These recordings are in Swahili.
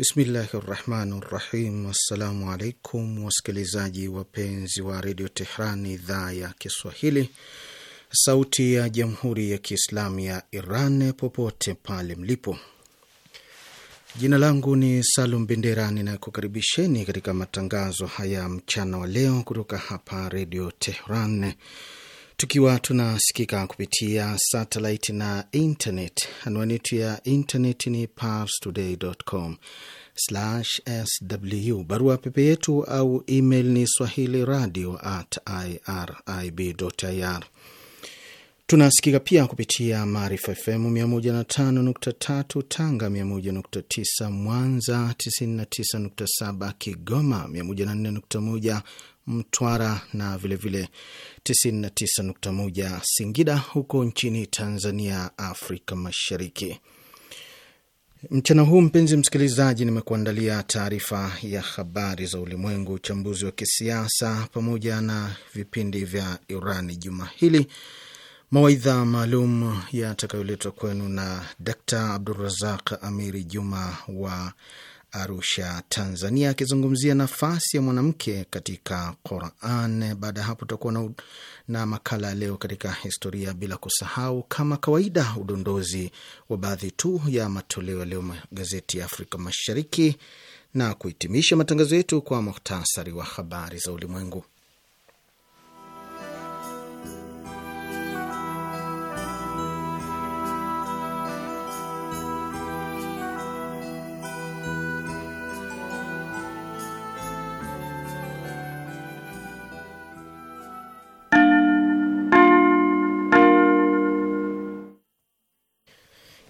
Bismillahi rahmani rahim. Assalamu alaikum wasikilizaji wapenzi wa redio Tehran, idhaa ya Kiswahili, sauti ya jamhuri ya kiislamu ya Iran, popote pale mlipo. Jina langu ni Salum Bendera ninakukaribisheni katika matangazo haya mchana wa leo kutoka hapa redio Tehran tukiwa tunasikika kupitia satellite na internet. Anwani yetu ya internet ni parstoday.com sw. Barua pepe yetu au email ni swahili radio at irib ir. Tunasikika pia kupitia Maarifa FM 105.3 Tanga, 101.9 Mwanza, 99.7 Kigoma, 104.1 Mtwara na vilevile 99.1 Singida huko nchini Tanzania, Afrika Mashariki. Mchana huu mpenzi msikilizaji, nimekuandalia taarifa ya habari za ulimwengu, uchambuzi wa kisiasa, pamoja na vipindi vya Irani juma hili, mawaidha maalum yatakayoletwa kwenu na Dkt Abdurazaq Amiri Juma wa Arusha, Tanzania, akizungumzia nafasi ya mwanamke katika Quran. Baada ya hapo, tutakuwa na, na makala ya leo katika historia, bila kusahau kama kawaida udondozi wa baadhi tu ya matoleo ya leo magazeti ya Afrika Mashariki, na kuhitimisha matangazo yetu kwa muhtasari wa habari za ulimwengu.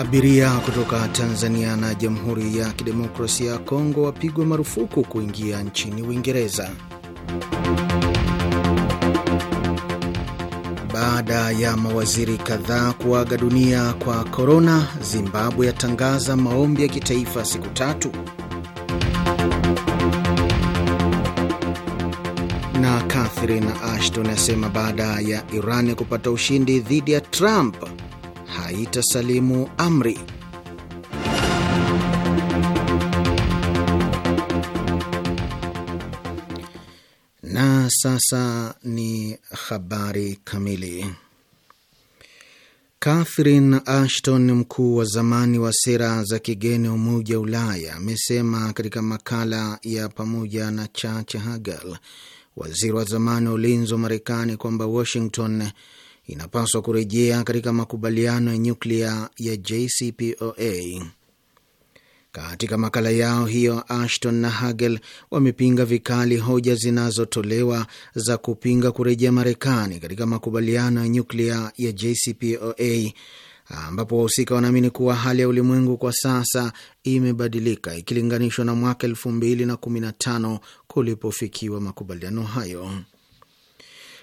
Abiria kutoka Tanzania na Jamhuri ya Kidemokrasia ya Kongo wapigwa marufuku kuingia nchini Uingereza. Baada ya mawaziri kadhaa kuaga dunia kwa korona, Zimbabwe yatangaza maombi ya kitaifa siku tatu. Na Catherine Ashton asema baada ya Iran kupata ushindi dhidi ya Trump haitasalimu amri. Na sasa ni habari kamili. Catherine Ashton, mkuu wa zamani wa sera za kigeni Umoja wa Ulaya, amesema katika makala ya pamoja na Chacha Hagel, waziri wa zamani wa ulinzi wa Marekani, kwamba Washington inapaswa kurejea katika makubaliano ya nyuklia ya JCPOA. Katika makala yao hiyo, Ashton na Hagel wamepinga vikali hoja zinazotolewa za kupinga kurejea Marekani katika makubaliano ya nyuklia ya JCPOA ambapo wahusika wanaamini kuwa hali ya ulimwengu kwa sasa imebadilika ikilinganishwa na mwaka elfu mbili na kumi na tano kulipofikiwa makubaliano hayo.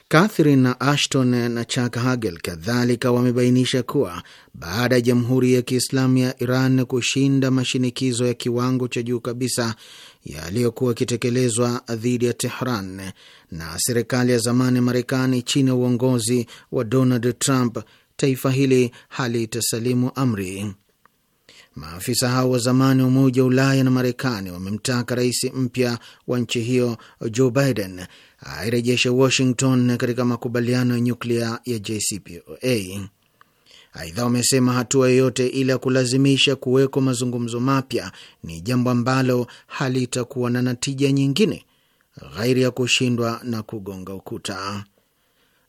Catherine na Ashton na Chuck Hagel kadhalika wamebainisha kuwa baada ya Jamhuri ya Kiislamu ya Iran kushinda mashinikizo ya kiwango cha juu kabisa yaliyokuwa yakitekelezwa dhidi ya Tehran na serikali ya zamani Marekani chini ya uongozi wa Donald Trump, taifa hili halitasalimu amri. Maafisa hao wa zamani wa Umoja wa Ulaya na Marekani wamemtaka rais mpya wa nchi hiyo Joe Biden airejeshe Washington katika makubaliano ya nyuklia ya JCPOA. Aidha, wamesema hatua yoyote ile ya kulazimisha kuwekwa mazungumzo mapya ni jambo ambalo halitakuwa na natija nyingine ghairi ya kushindwa na kugonga ukuta.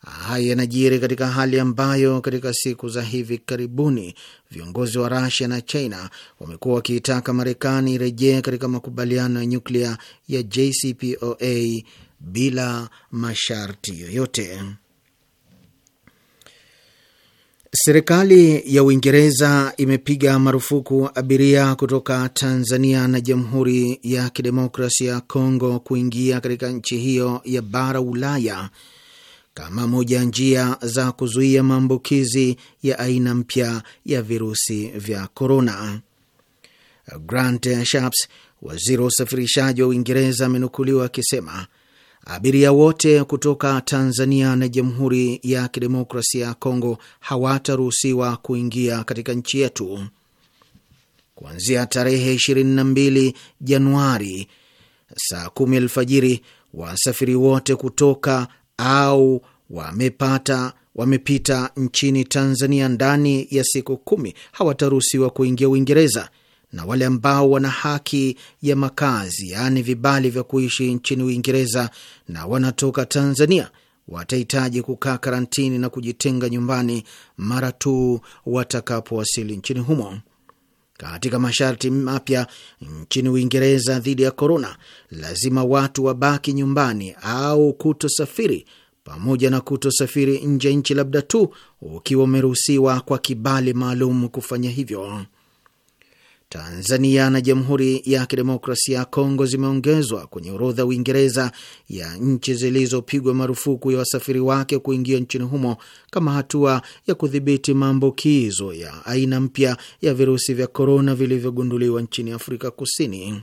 Haya yanajiri katika hali ambayo katika siku za hivi karibuni viongozi wa Rasia na China wamekuwa wakiitaka Marekani irejee katika makubaliano ya nyuklia ya JCPOA bila masharti yoyote. Serikali ya Uingereza imepiga marufuku abiria kutoka Tanzania na Jamhuri ya Kidemokrasia ya Kongo kuingia katika nchi hiyo ya bara Ulaya kama moja ya njia za kuzuia maambukizi ya aina mpya ya virusi vya korona. Grant Shapps, waziri wa usafirishaji wa Uingereza, amenukuliwa akisema abiria wote kutoka Tanzania na Jamhuri ya Kidemokrasia ya Kongo hawataruhusiwa kuingia katika nchi yetu kuanzia tarehe 22 Januari saa kumi alfajiri. Wasafiri wote kutoka au wamepata wamepita nchini Tanzania ndani ya siku kumi hawataruhusiwa kuingia Uingereza, na wale ambao wana haki ya makazi, yaani vibali vya kuishi nchini Uingereza na wanatoka Tanzania watahitaji kukaa karantini na kujitenga nyumbani mara tu watakapowasili nchini humo. Katika masharti mapya nchini Uingereza dhidi ya korona, lazima watu wabaki nyumbani au kutosafiri pamoja na kutosafiri nje ya nchi labda tu ukiwa umeruhusiwa kwa kibali maalum kufanya hivyo. Tanzania na Jamhuri ya Kidemokrasia ya Kongo zimeongezwa kwenye orodha ya Uingereza ya nchi zilizopigwa marufuku ya wasafiri wake kuingia nchini humo kama hatua ya kudhibiti maambukizo ya aina mpya ya virusi vya korona vilivyogunduliwa nchini Afrika Kusini.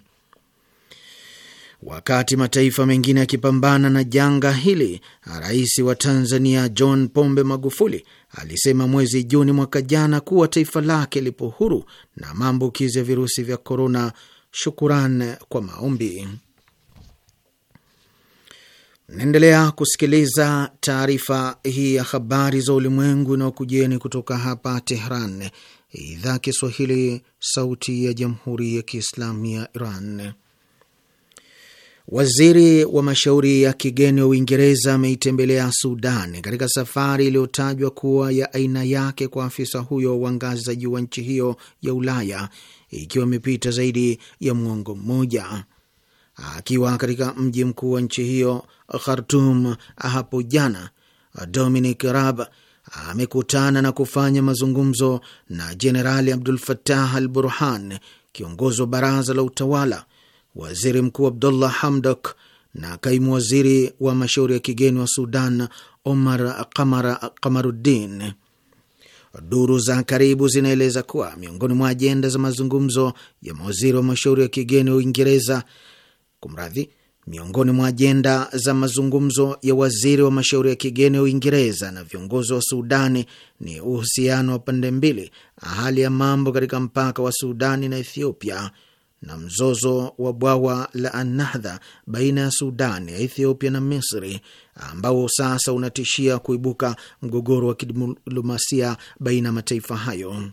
Wakati mataifa mengine yakipambana na janga hili, rais wa Tanzania John Pombe Magufuli alisema mwezi Juni mwaka jana kuwa taifa lake lipo huru na maambukizi ya virusi vya korona. Shukuran kwa maombi. Naendelea kusikiliza taarifa hii ya habari za ulimwengu inayokujieni kutoka hapa Tehran, idhaa Kiswahili, sauti ya jamhuri ya kiislamu ya Iran. Waziri wa mashauri ya kigeni wa Uingereza ameitembelea Sudan katika safari iliyotajwa kuwa ya aina yake kwa afisa huyo wa ngazi za juu wa nchi hiyo ya Ulaya, ikiwa imepita zaidi ya mwongo mmoja. Akiwa katika mji mkuu wa nchi hiyo Khartum hapo jana, Dominic Raab amekutana na kufanya mazungumzo na Jenerali Abdul fatah al Burhan, kiongozi wa baraza la utawala waziri mkuu Abdullah Hamdok na kaimu waziri wa mashauri ya kigeni wa Sudan Omar Kamara Kamaruddin. Duru za karibu zinaeleza kuwa miongoni mwa ajenda za mazungumzo ya mawaziri wa mashauri ya kigeni wa Uingereza, kumradhi, miongoni mwa ajenda za mazungumzo ya waziri wa mashauri ya kigeni wa Uingereza na viongozi wa Sudani ni uhusiano wa pande mbili, hali ya mambo katika mpaka wa Sudani na Ethiopia na mzozo wa bwawa la anahdha baina ya sudan Ethiopia na Misri, ambao sasa unatishia kuibuka mgogoro wa kidiplomasia baina ya mataifa hayo.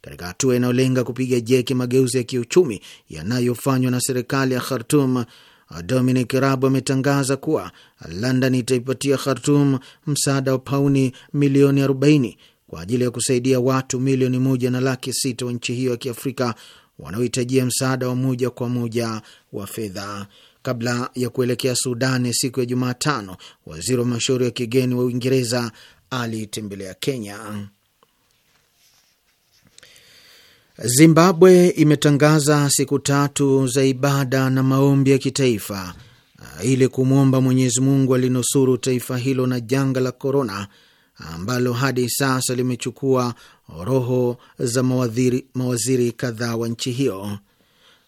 Katika hatua inayolenga kupiga jeki mageuzi ya kiuchumi yanayofanywa na serikali ya Khartum, Dominic Raab ametangaza kuwa London itaipatia Khartum msaada wa pauni milioni 40 kwa ajili ya kusaidia watu milioni moja na laki sita wa nchi hiyo ya kiafrika wanaohitajia msaada wa moja kwa moja wa fedha. Kabla ya kuelekea Sudani siku ya Jumatano, waziri wa mashauri ya kigeni wa Uingereza alitembelea Kenya. Zimbabwe imetangaza siku tatu za ibada na maombi ya kitaifa uh, ili kumwomba Mwenyezi Mungu alinusuru taifa hilo na janga la korona ambalo hadi sasa limechukua roho za mawaziri, mawaziri kadhaa wa nchi hiyo.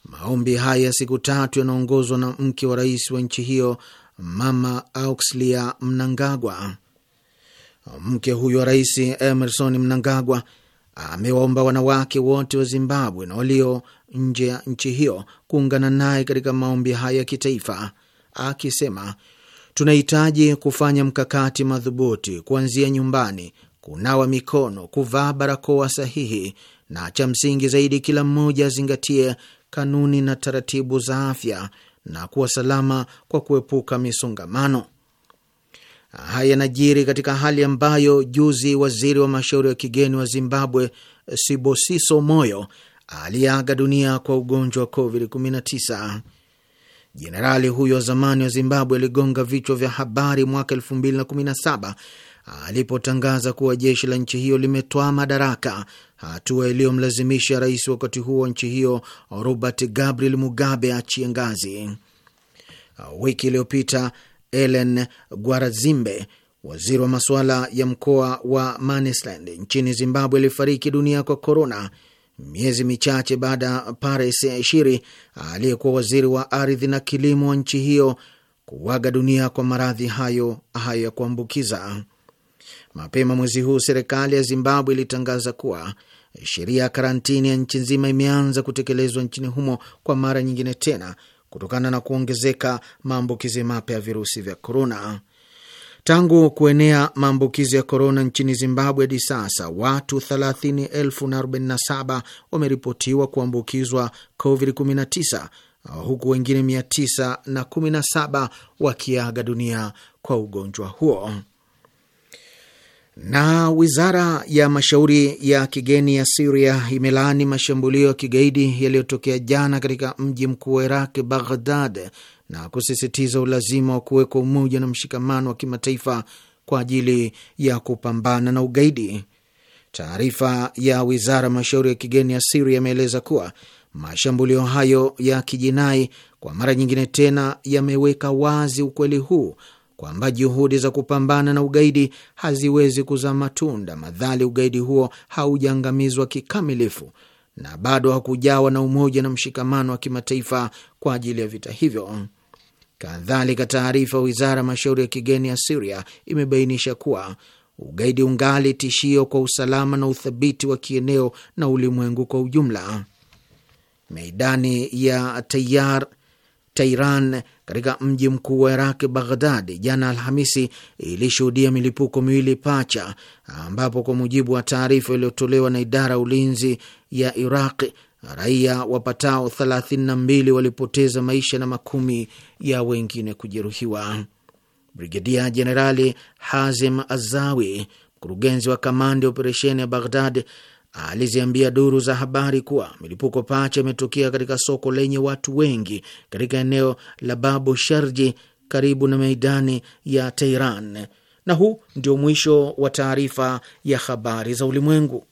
Maombi haya ya siku tatu yanaongozwa na mke wa rais wa nchi hiyo Mama Auxilia Mnangagwa. Mke huyo wa rais Emerson Mnangagwa amewaomba wanawake wote wa Zimbabwe na walio nje ya nchi hiyo kuungana naye katika maombi haya ya kitaifa, akisema tunahitaji kufanya mkakati madhubuti kuanzia nyumbani, kunawa mikono, kuvaa barakoa sahihi, na cha msingi zaidi, kila mmoja azingatie kanuni na taratibu za afya na kuwa salama kwa kuepuka misongamano. Haya yanajiri katika hali ambayo juzi waziri wa mashauri ya kigeni wa Zimbabwe Sibosiso Moyo aliyeaga dunia kwa ugonjwa wa COVID-19. Jenerali huyo wa zamani wa Zimbabwe aligonga vichwa vya habari mwaka 2017 alipotangaza kuwa jeshi la nchi hiyo limetwaa madaraka, hatua iliyomlazimisha rais wakati huo wa nchi hiyo Robert Gabriel Mugabe achie ngazi. Wiki iliyopita Ellen Gwarazimbe, waziri wa masuala ya mkoa wa Manicaland nchini Zimbabwe, alifariki dunia kwa korona miezi michache baada ya Pares Shiri, aliyekuwa waziri wa ardhi na kilimo wa nchi hiyo, kuwaga dunia kwa maradhi hayo hayo ya kuambukiza. Mapema mwezi huu serikali ya Zimbabwe ilitangaza kuwa sheria ya karantini ya nchi nzima imeanza kutekelezwa nchini humo kwa mara nyingine tena kutokana na kuongezeka maambukizi mapya ya virusi vya korona. Tangu kuenea maambukizi ya korona nchini Zimbabwe hadi sasa watu 30,047 wameripotiwa kuambukizwa COVID-19 huku wengine 917 wakiaga dunia kwa ugonjwa huo. Na wizara ya mashauri ya kigeni ya Siria imelaani mashambulio ya kigaidi yaliyotokea jana katika mji mkuu wa Iraq, Baghdad, na kusisitiza ulazima wa kuwekwa umoja na mshikamano wa kimataifa kwa ajili ya kupambana na ugaidi. Taarifa ya wizara mashauri ya kigeni ya Siria imeeleza kuwa mashambulio hayo ya kijinai kwa mara nyingine tena yameweka wazi ukweli huu kwamba juhudi za kupambana na ugaidi haziwezi kuzaa matunda madhali ugaidi huo haujaangamizwa kikamilifu na bado hakujawa na umoja na mshikamano wa kimataifa kwa ajili ya vita hivyo. Kadhalika, taarifa wizara ya mashauri ya kigeni ya Siria imebainisha kuwa ugaidi ungali tishio kwa usalama na uthabiti wa kieneo na ulimwengu kwa ujumla. Meidani ya Tayar Tairan katika mji mkuu wa Iraq Baghdad jana Alhamisi ilishuhudia milipuko miwili pacha, ambapo kwa mujibu wa taarifa iliyotolewa na idara ya ulinzi ya Iraq na raia wapatao 32 walipoteza maisha na makumi ya wengine kujeruhiwa. Brigedia Jenerali Hazim Azawi, mkurugenzi wa kamanda ya operesheni ya Baghdad, aliziambia duru za habari kuwa milipuko pacha imetokea katika soko lenye watu wengi katika eneo la Babu Sharji karibu na meidani ya Tehran. Na huu ndio mwisho wa taarifa ya habari za ulimwengu.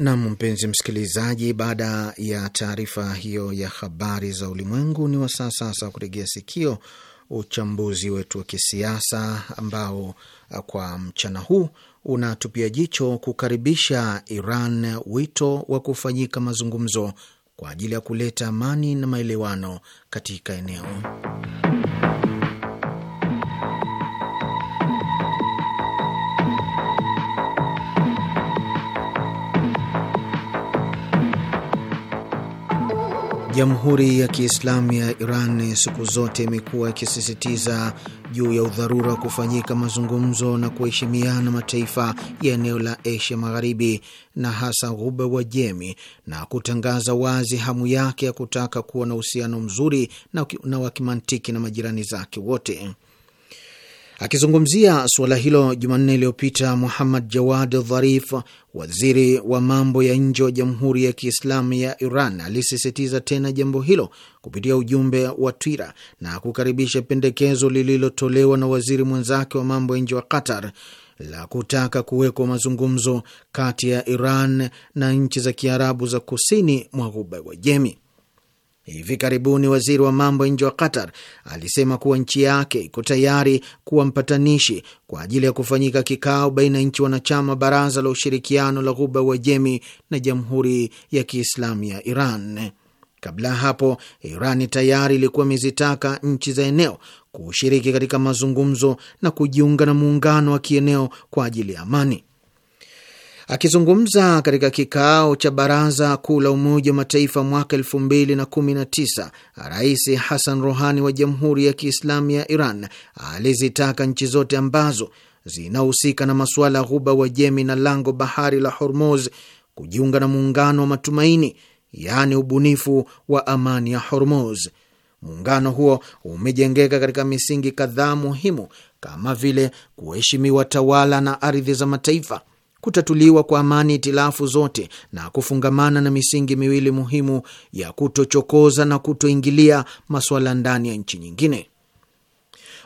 Nam, mpenzi msikilizaji, baada ya taarifa hiyo ya habari za ulimwengu, ni wasaa sasa wa kuregea sikio uchambuzi wetu wa kisiasa ambao kwa mchana huu unatupia jicho kukaribisha Iran wito wa kufanyika mazungumzo kwa ajili ya kuleta amani na maelewano katika eneo Jamhuri ya Kiislamu ya Iran siku zote imekuwa ikisisitiza juu ya udharura wa kufanyika mazungumzo na kuheshimiana mataifa ya eneo la Asia Magharibi na hasa Ghuba Wajemi, na kutangaza wazi hamu yake ya kutaka kuwa na uhusiano mzuri na wa kimantiki na majirani zake wote. Akizungumzia suala hilo Jumanne iliyopita, Muhammad Jawad Dharif, waziri wa mambo ya nje wa Jamhuri ya Kiislamu ya Iran, alisisitiza tena jambo hilo kupitia ujumbe wa Twitter na kukaribisha pendekezo lililotolewa na waziri mwenzake wa mambo ya nje wa Qatar la kutaka kuwekwa mazungumzo kati ya Iran na nchi za Kiarabu za kusini mwa Ghuba ya Uajemi. Hivi karibuni waziri wa mambo ya nje wa Qatar alisema kuwa nchi yake iko tayari kuwa mpatanishi kwa ajili ya kufanyika kikao baina ya nchi wanachama baraza la ushirikiano la Ghuba Uajemi na Jamhuri ya Kiislamu ya Iran. Kabla ya hapo, Irani tayari ilikuwa imezitaka nchi za eneo kushiriki katika mazungumzo na kujiunga na muungano wa kieneo kwa ajili ya amani. Akizungumza katika kikao cha baraza kuu la Umoja wa Mataifa mwaka elfu mbili na kumi na tisa, Rais Hassan Rohani wa Jamhuri ya Kiislamu ya Iran alizitaka nchi zote ambazo zinahusika na masuala ya Ghuba Wajemi na lango bahari la Hormuz kujiunga na muungano wa matumaini, yaani ubunifu wa amani ya Hormuz. Muungano huo umejengeka katika misingi kadhaa muhimu kama vile kuheshimiwa tawala na ardhi za mataifa kutatuliwa kwa amani itilafu zote na kufungamana na misingi miwili muhimu ya kutochokoza na kutoingilia masuala ndani ya nchi nyingine.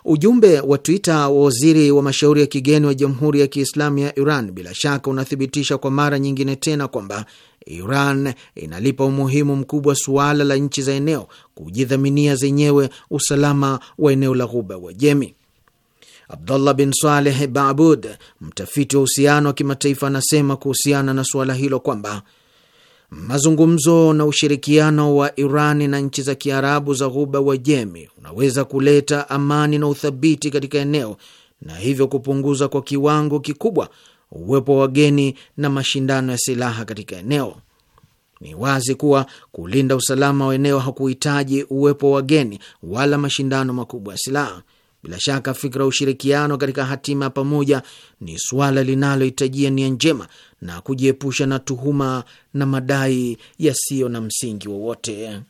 Ujumbe wa Twitter wa waziri wa mashauri ya kigeni wa Jamhuri ya Kiislamu ya Iran bila shaka unathibitisha kwa mara nyingine tena kwamba Iran inalipa umuhimu mkubwa suala la nchi za eneo kujidhaminia zenyewe usalama wa eneo la Ghuba Wajemi. Abdullah bin Saleh Baabud, mtafiti wa uhusiano wa kimataifa, anasema kuhusiana na suala hilo kwamba mazungumzo na ushirikiano wa Irani na nchi za Kiarabu za Ghuba Wajemi unaweza kuleta amani na uthabiti katika eneo na hivyo kupunguza kwa kiwango kikubwa uwepo wa wageni na mashindano ya silaha katika eneo. Ni wazi kuwa kulinda usalama wa eneo hakuhitaji uwepo wa wageni wala mashindano makubwa ya silaha. Bila shaka fikra ya ushirikiano katika hatima ya pamoja ni suala linalohitajia nia njema na kujiepusha na tuhuma na madai yasiyo na msingi wowote.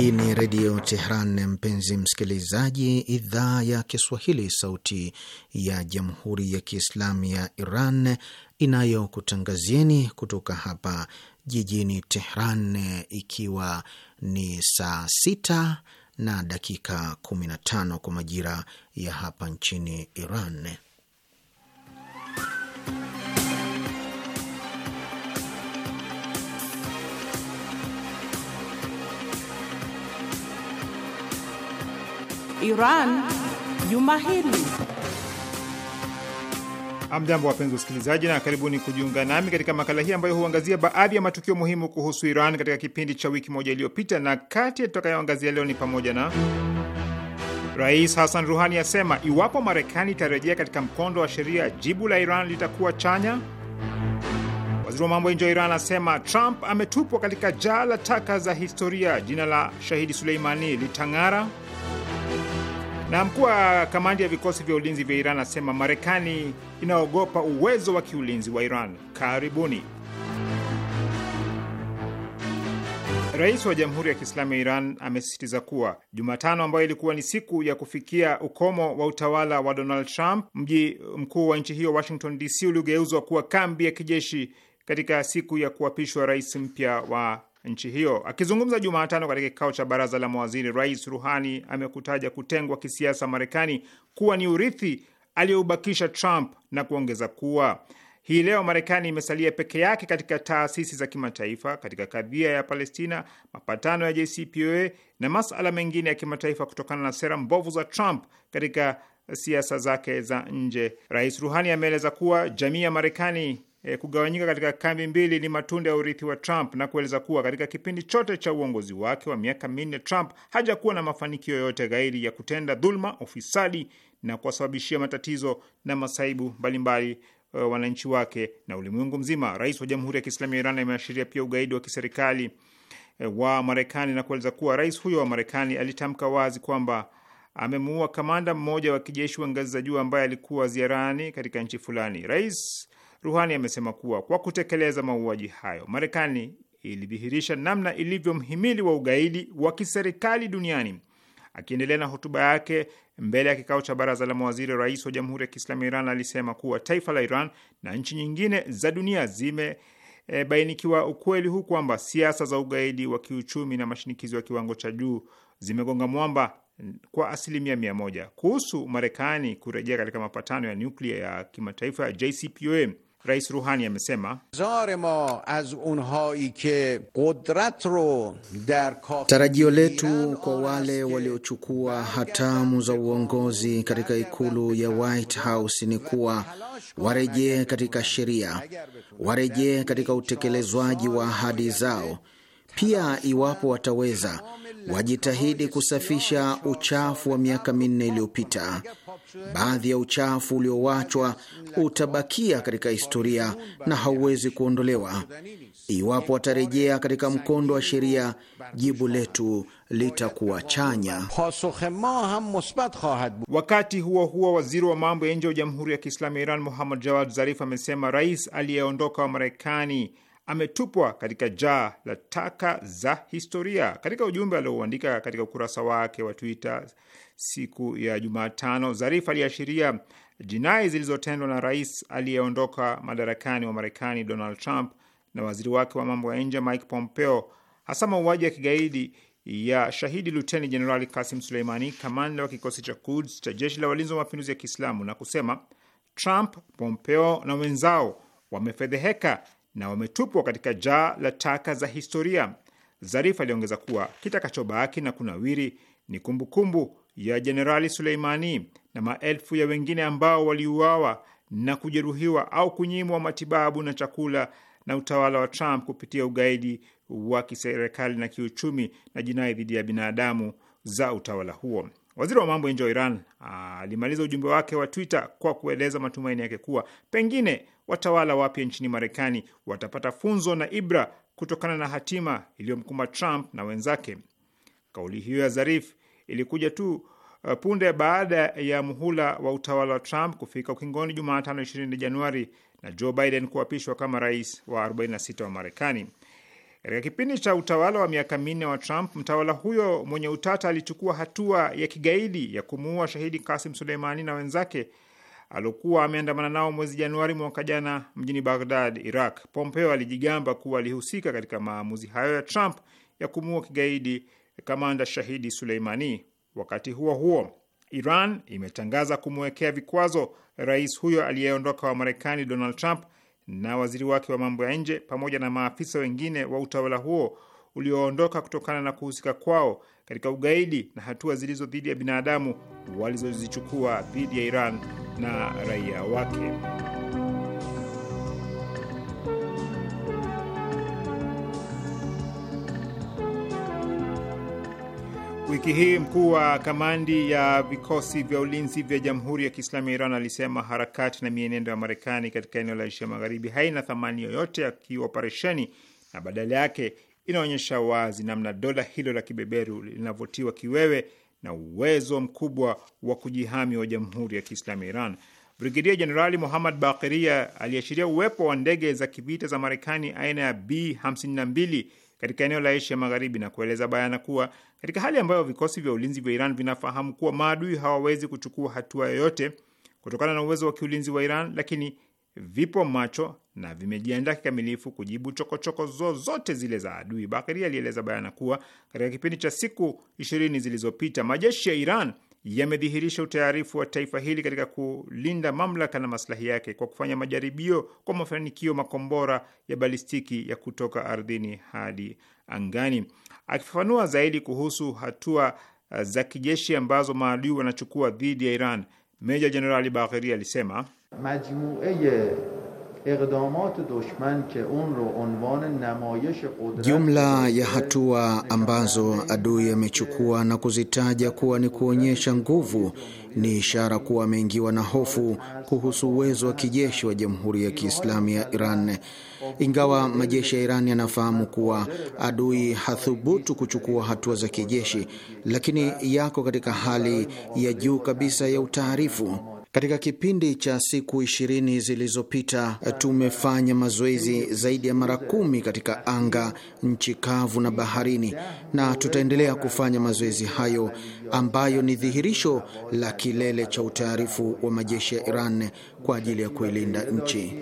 Hii ni Redio Tehran, mpenzi msikilizaji, idhaa ya Kiswahili, sauti ya Jamhuri ya Kiislamu ya Iran inayokutangazieni kutoka hapa jijini Tehran, ikiwa ni saa sita na dakika 15 kwa majira ya hapa nchini Iran. Iran juma hili. Amjambo, wapenzi wasikilizaji, na karibuni kujiunga nami katika makala hii ambayo huangazia baadhi ya matukio muhimu kuhusu Iran katika kipindi cha wiki moja iliyopita, na kati ya tutakayoangazia leo ni pamoja na Rais Hassan Ruhani asema iwapo Marekani itarejea katika mkondo wa sheria, jibu la Iran litakuwa chanya. Waziri wa mambo ya nje wa Iran asema Trump ametupwa katika jaa la taka za historia, jina la shahidi Suleimani litang'ara. Na mkuu wa kamandi ya vikosi vya ulinzi vya Iran anasema Marekani inaogopa uwezo wa kiulinzi wa Iran. Karibuni. Rais wa Jamhuri ya Kiislamu ya Iran amesisitiza kuwa Jumatano, ambayo ilikuwa ni siku ya kufikia ukomo wa utawala wa Donald Trump, mji mkuu wa nchi hiyo Washington DC, uliogeuzwa kuwa kambi ya kijeshi katika siku ya kuapishwa rais mpya wa nchi hiyo. Akizungumza Jumatano katika kikao cha baraza la mawaziri, Rais Ruhani amekutaja kutengwa kisiasa Marekani kuwa ni urithi aliyoubakisha Trump na kuongeza kuwa hii leo Marekani imesalia peke yake katika taasisi za kimataifa katika kadhia ya Palestina, mapatano ya JCPOA na masuala mengine ya kimataifa kutokana na sera mbovu za Trump katika siasa zake za nje. Rais Ruhani ameeleza kuwa jamii ya Marekani e, kugawanyika katika kambi mbili ni matunda ya urithi wa Trump na kueleza kuwa katika kipindi chote cha uongozi wake wa miaka minne, Trump hajakuwa na mafanikio yoyote ghairi ya kutenda dhuluma, ufisadi na kuwasababishia matatizo na masaibu mbalimbali e, wananchi wake na ulimwengu mzima. Rais wa Jamhuri ya Kiislamu ya Iran ameashiria pia ugaidi wa kiserikali e, wa Marekani na kueleza kuwa rais huyo wa Marekani alitamka wazi kwamba amemuua kamanda mmoja wa kijeshi wa ngazi za juu ambaye alikuwa ziarani katika nchi fulani. Rais Ruhani amesema kuwa kwa kutekeleza mauaji hayo, Marekani ilidhihirisha namna ilivyo mhimili wa ugaidi wa kiserikali duniani. Akiendelea na hotuba yake mbele ya kikao cha baraza la mawaziri, rais wa Jamhuri ya Kiislamu ya Iran alisema kuwa taifa la Iran na nchi nyingine za dunia zime E, bainikiwa ukweli huu kwamba siasa za ugaidi wa kiuchumi na mashinikizo ya kiwango cha juu zimegonga mwamba kwa asilimia mia moja. Kuhusu Marekani kurejea katika mapatano ya nyuklia ya kimataifa ya JCPOA, Rais Ruhani amesema tarajio letu kwa wale waliochukua hatamu za uongozi katika ikulu ya White House ni kuwa warejee katika sheria, warejee katika utekelezwaji wa ahadi zao. Pia iwapo wataweza, wajitahidi kusafisha uchafu wa miaka minne iliyopita baadhi ya uchafu uliowachwa utabakia katika historia na hauwezi kuondolewa. Iwapo watarejea katika mkondo wa sheria, jibu letu litakuwa chanya. Wakati huo huo, waziri wa mambo ya nje wa Jamhuri ya Kiislamu ya Iran Muhammad Jawad Zarif amesema rais aliyeondoka wa Marekani ametupwa katika jaa la taka za historia. Katika ujumbe aliouandika katika ukurasa wake wa Twitter, siku ya Jumatano, Zarif aliashiria jinai zilizotendwa na rais aliyeondoka madarakani wa Marekani Donald Trump na waziri wake wa mambo ya nje Mike Pompeo, hasa mauaji ya kigaidi ya shahidi luteni jenerali Kasim Suleimani, kamanda wa kikosi cha Kuds cha jeshi la walinzi wa mapinduzi ya Kiislamu, na kusema Trump, Pompeo na wenzao wamefedheheka na wametupwa katika jaa la taka za historia. Zarif aliongeza kuwa kitakachobaki na kunawiri ni kumbukumbu kumbu ya Jenerali Suleimani na maelfu ya wengine ambao waliuawa na kujeruhiwa au kunyimwa matibabu na chakula na utawala wa Trump kupitia ugaidi wa kiserikali na kiuchumi na jinai dhidi ya binadamu za utawala huo. Waziri wa mambo ya nje wa Iran ah, alimaliza ujumbe wake wa Twitter kwa kueleza matumaini yake kuwa pengine watawala wapya nchini Marekani watapata funzo na ibra kutokana na hatima iliyomkumba Trump na wenzake. Kauli hiyo ya Zarif ilikuja tu uh, punde baada ya muhula wa utawala wa Trump kufika ukingoni Jumatano 20 Januari na Joe Biden kuapishwa kama rais wa 46 wa Marekani. Katika kipindi cha utawala wa miaka minne wa Trump, mtawala huyo mwenye utata alichukua hatua ya kigaidi ya kumuua shahidi Kasim Suleimani na wenzake aliokuwa ameandamana nao mwezi Januari mwaka jana mjini Baghdad, Iraq. Pompeo alijigamba kuwa alihusika katika maamuzi hayo ya Trump ya kumuua kigaidi kamanda shahidi Suleimani. Wakati huo huo, Iran imetangaza kumwekea vikwazo rais huyo aliyeondoka wa Marekani Donald Trump na waziri wake wa mambo ya nje pamoja na maafisa wengine wa utawala huo ulioondoka kutokana na kuhusika kwao katika ugaidi na hatua zilizo dhidi ya binadamu walizozichukua dhidi ya Iran na raia wake. Wiki hii mkuu wa kamandi ya vikosi vya ulinzi vya Jamhuri ya Kiislamu ya Iran alisema harakati na mienendo ya Marekani katika eneo la Asia Magharibi haina thamani yoyote ya kioperesheni na badala yake inaonyesha wazi namna dola hilo la kibeberu linavyotiwa kiwewe na uwezo mkubwa wa kujihami wa Jamhuri ya Kiislamu ya Iran. Brigedia Jenerali Muhammad Baqiria aliashiria uwepo wa ndege za kivita za Marekani aina ya B52 katika eneo la Asia Magharibi na kueleza bayana kuwa katika hali ambayo vikosi vya ulinzi vya Iran vinafahamu kuwa maadui hawawezi kuchukua hatua yoyote kutokana na uwezo wa kiulinzi wa Iran, lakini vipo macho na vimejiandaa kikamilifu kujibu chokochoko zozote zile za adui. Bakeri alieleza bayana kuwa katika kipindi cha siku ishirini zilizopita majeshi ya Iran yamedhihirisha utayarifu wa taifa hili katika kulinda mamlaka na maslahi yake kwa kufanya majaribio kwa mafanikio makombora ya balistiki ya kutoka ardhini hadi angani. Akifafanua zaidi kuhusu hatua uh, za kijeshi ambazo maadui wanachukua dhidi ya Iran, Meja Jenerali Bagheri alisema majmuu jumla ya hatua ambazo adui amechukua na kuzitaja kuwa ni kuonyesha nguvu ni ishara kuwa ameingiwa na hofu kuhusu uwezo wa kijeshi wa Jamhuri ya Kiislamu ya Iran, ingawa majeshi ya Iran yanafahamu kuwa adui hathubutu kuchukua hatua za kijeshi, lakini yako katika hali ya juu kabisa ya utaarifu. Katika kipindi cha siku ishirini zilizopita tumefanya mazoezi zaidi ya mara kumi katika anga, nchi kavu na baharini, na tutaendelea kufanya mazoezi hayo ambayo ni dhihirisho la kilele cha utaarifu wa majeshi ya Iran kwa ajili ya kuilinda nchi.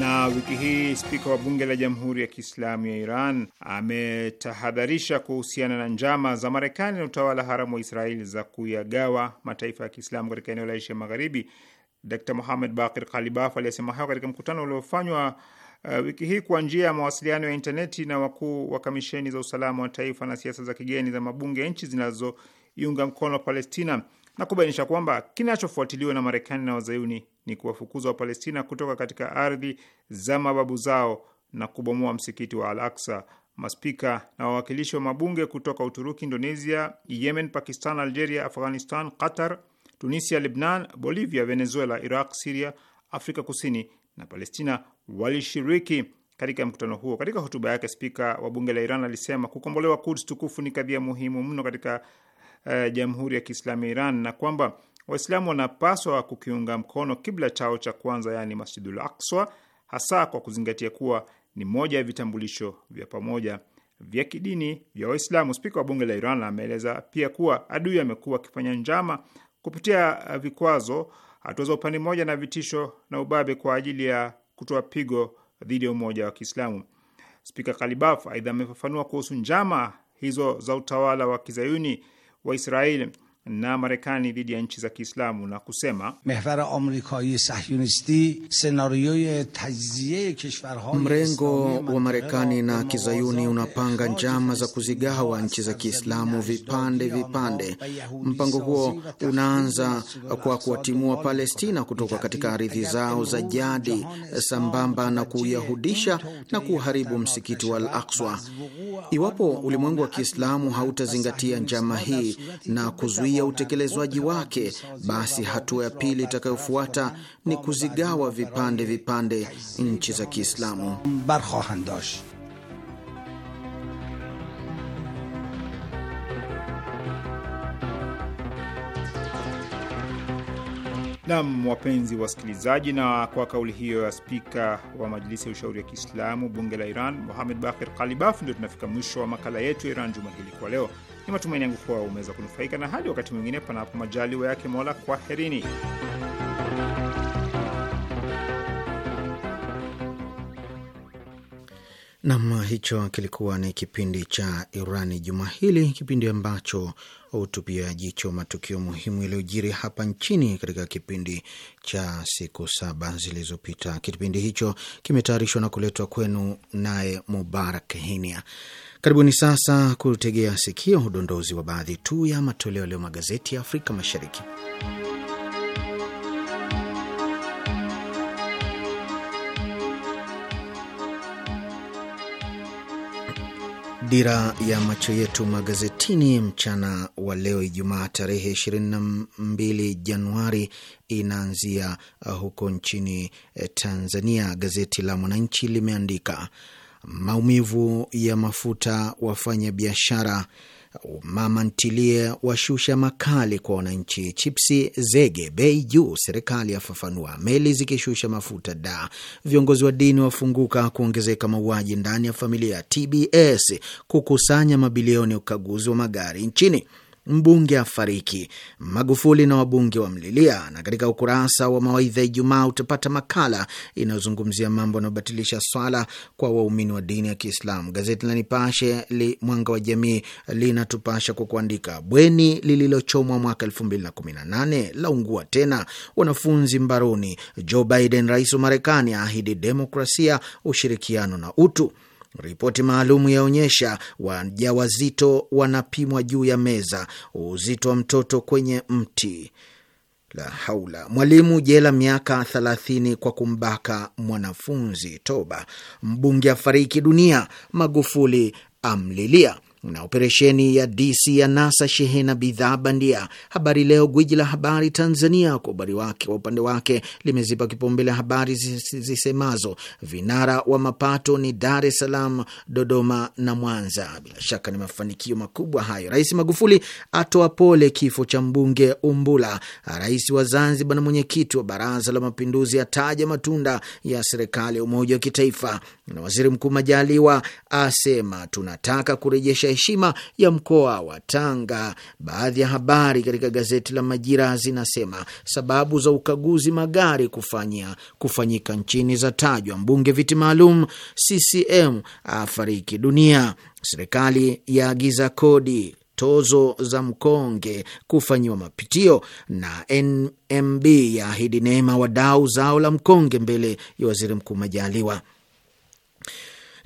Na wiki hii spika wa bunge la Jamhuri ya Kiislamu ya Iran ametahadharisha kuhusiana na njama za Marekani na utawala haramu wa Israeli za kuyagawa mataifa ya Kiislamu katika eneo la Asia Magharibi. Dr Muhamed Bakir Kalibaf aliyesema hayo katika mkutano uliofanywa Uh, wiki hii kwa njia ya mawasiliano ya intaneti na wakuu wa kamisheni za usalama wa taifa na siasa za kigeni za mabunge ya nchi zinazoiunga mkono Palestina na kubainisha kwamba kinachofuatiliwa na Marekani na wazayuni ni kuwafukuza Wapalestina kutoka katika ardhi za mababu zao na kubomoa msikiti wa Al Aksa. Maspika na wawakilishi wa mabunge kutoka Uturuki, Indonesia, Yemen, Pakistan, Algeria, Afghanistan, Qatar, Tunisia, Lebnan, Bolivia, Venezuela, Iraq, Siria, Afrika Kusini na Palestina walishiriki katika mkutano huo. Katika hotuba yake, spika wa bunge la Iran alisema kukombolewa Kuds tukufu ni kadhia muhimu mno katika uh, jamhuri ya Kiislamu ya Iran na kwamba Waislamu wanapaswa kukiunga mkono kibla chao cha kwanza, yaani Masjidul Akswa, hasa kwa kuzingatia kuwa ni moja ya vitambulisho vya pamoja vya kidini vya Waislamu. Spika wa bunge la Iran ameeleza pia kuwa adui amekuwa akifanya njama kupitia uh, vikwazo, hatua za upande mmoja na vitisho na ubabe kwa ajili ya kutoa pigo dhidi ya umoja wa Kiislamu. Spika Kalibaf aidha amefafanua kuhusu njama hizo za utawala wa kizayuni wa Israeli na Marekani dhidi ya nchi za Kiislamu na kusema mrengo wa Marekani na kizayuni unapanga njama za kuzigawa nchi za Kiislamu vipande vipande. Mpango huo unaanza kwa kuwatimua Palestina kutoka katika ardhi zao za jadi sambamba na kuyahudisha na kuharibu msikiti wa Al Iwapo ulimwengu wa Kiislamu hautazingatia njama hii na kuzuia ya utekelezwaji wake, basi hatua ya pili itakayofuata ni kuzigawa vipande vipande nchi za Kiislamu. Nam, wapenzi wasikilizaji, na kwa kauli hiyo ya spika wa Majlisi ya Ushauri ya Kiislamu, bunge la Iran, muhamed Bakir Kalibaf, ndio tunafika mwisho wa makala yetu ya Iran juma hili kwa leo. Ni matumaini yangu kuwa umeweza kunufaika, na hadi wakati mwingine, panapo majaliwa yake Mola, kwaherini. Nam, hicho kilikuwa ni kipindi cha Irani juma hili, kipindi ambacho hutupia jicho matukio muhimu yaliyojiri hapa nchini katika kipindi cha siku saba zilizopita. Kipindi hicho kimetayarishwa na kuletwa kwenu naye Mubarak Hinia. Karibuni sasa kutegea sikio udondozi wa baadhi tu ya matoleo leo magazeti ya Afrika Mashariki. Dira ya macho yetu magazetini mchana wa leo Ijumaa tarehe 22 Januari inaanzia uh, huko nchini eh, Tanzania. Gazeti la Mwananchi limeandika maumivu ya mafuta, wafanya biashara, mama ntilie washusha makali kwa wananchi, chipsi zege bei juu, serikali yafafanua, meli zikishusha mafuta, da viongozi wa dini wafunguka, kuongezeka mauaji ndani ya familia, TBS kukusanya mabilioni ya ukaguzi wa magari nchini mbunge afariki, Magufuli na wabunge wa mlilia Na katika ukurasa wa mawaidha ya Ijumaa utapata makala inayozungumzia mambo yanayobatilisha swala kwa waumini wa dini ya Kiislamu. Gazeti la Nipashe li Mwanga wa Jamii linatupasha kwa kuandika, bweni lililochomwa mwaka elfu mbili na kumi na nane laungua tena, wanafunzi mbaroni. Joe Biden, rais wa Marekani, aahidi demokrasia, ushirikiano na utu Ripoti maalumu yaonyesha wajawazito wanapimwa juu ya meza, uzito wa mtoto kwenye mti. La haula! Mwalimu jela miaka thelathini kwa kumbaka mwanafunzi. Toba! Mbunge afariki dunia. Magufuli amlilia na operesheni ya DC ya NASA shehena bidhaa bandia. Habari Leo, gwiji la habari Tanzania, kwa ubari wake wa upande wake limezipa kipaumbele habari zisemazo vinara wa mapato ni Dar es Salaam, Dodoma na Mwanza. Bila shaka ni mafanikio makubwa hayo. Rais Magufuli atoa pole kifo cha mbunge Umbula. Rais wa Zanzibar na mwenyekiti wa Baraza la Mapinduzi ataja matunda ya serikali ya umoja wa kitaifa na Waziri Mkuu Majaliwa asema tunataka kurejesha heshima ya mkoa wa Tanga. Baadhi ya habari katika gazeti la Majira zinasema sababu za ukaguzi magari kufanya kufanyika nchini za tajwa. Mbunge viti maalum CCM afariki dunia. Serikali yaagiza kodi tozo za mkonge kufanyiwa mapitio na NMB yaahidi neema wadau zao la mkonge mbele ya waziri mkuu Majaliwa.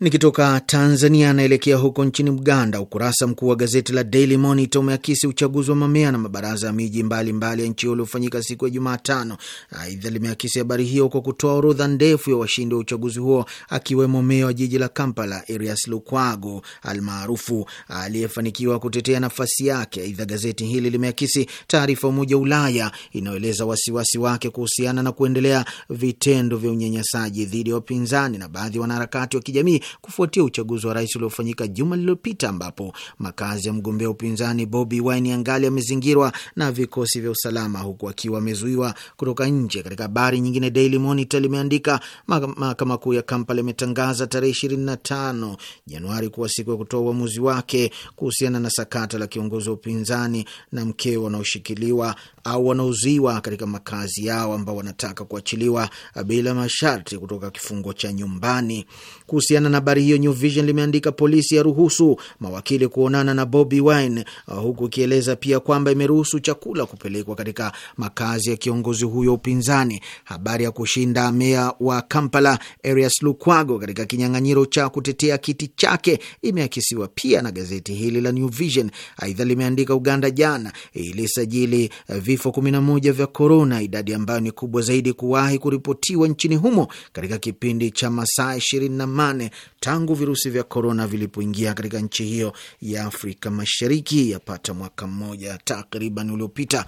Nikitoka Tanzania anaelekea huko nchini Uganda. Ukurasa mkuu wa gazeti la Daily Monitor umeakisi uchaguzi wa mamea na mabaraza ya miji mbalimbali ya nchi hiyo uliofanyika siku ya Jumatano. Aidha, limeakisi habari hiyo kwa kutoa orodha ndefu ya washindi wa uchaguzi huo, akiwemo meya wa jiji la Kampala Erias Lukwago almaarufu aliyefanikiwa kutetea nafasi yake. Aidha, gazeti hili limeakisi taarifa ya Umoja wa Ulaya inayoeleza wasiwasi wake kuhusiana na kuendelea vitendo vya unyanyasaji dhidi ya wapinzani na baadhi ya wanaharakati wa kijamii kufuatia uchaguzi wa rais uliofanyika juma lililopita, ambapo makazi ya mgombea upinzani Bobi Wine angali amezingirwa na vikosi vya usalama huku akiwa amezuiwa kutoka nje. Katika habari nyingine, Daily Monitor limeandika mahakama kuu ya Kampala imetangaza tarehe 25 Januari kuwa siku ya kutoa uamuzi wake kuhusiana na sakata la kiongozi wa upinzani na mkeo wanaoshikiliwa au wanaozuiwa katika makazi yao ambao wanataka kuachiliwa bila masharti kutoka kifungo cha nyumbani. Kuhusiana na habari hiyo, New Vision limeandika polisi ya ruhusu mawakili kuonana na Bobi Wine, uh, huku ikieleza pia kwamba imeruhusu chakula kupelekwa katika makazi ya kiongozi huyo upinzani. Habari ya kushinda meya wa Kampala Erias Lukwago katika kinyang'anyiro cha kutetea kiti chake imeakisiwa pia na gazeti hili la New Vision. Aidha limeandika Uganda jana ilisajili uh, vifo 11 vya korona, idadi ambayo ni kubwa zaidi kuwahi kuripotiwa nchini humo katika kipindi cha masaa 28 tangu virusi vya korona vilipoingia katika nchi hiyo ya Afrika Mashariki yapata mwaka mmoja takriban uliopita.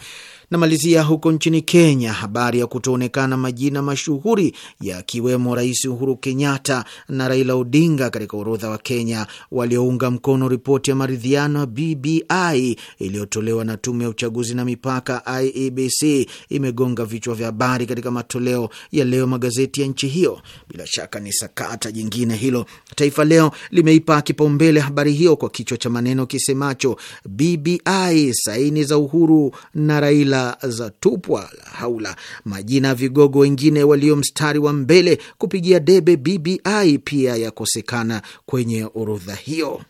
Namalizia huko nchini Kenya, habari ya kutoonekana majina mashuhuri yakiwemo Rais Uhuru Kenyatta na Raila Odinga katika orodha wa Kenya waliounga mkono ripoti ya maridhiano ya BBI iliyotolewa na tume ya uchaguzi na mipaka IEBC imegonga vichwa vya habari katika matoleo ya leo magazeti ya nchi hiyo. Bila shaka ni sakata jingine hilo Taifa Leo limeipa kipaumbele habari hiyo kwa kichwa cha maneno kisemacho BBI saini za Uhuru na Raila za tupwa haula. Majina ya vigogo wengine walio mstari wa mbele kupigia debe BBI pia yakosekana kwenye orodha hiyo.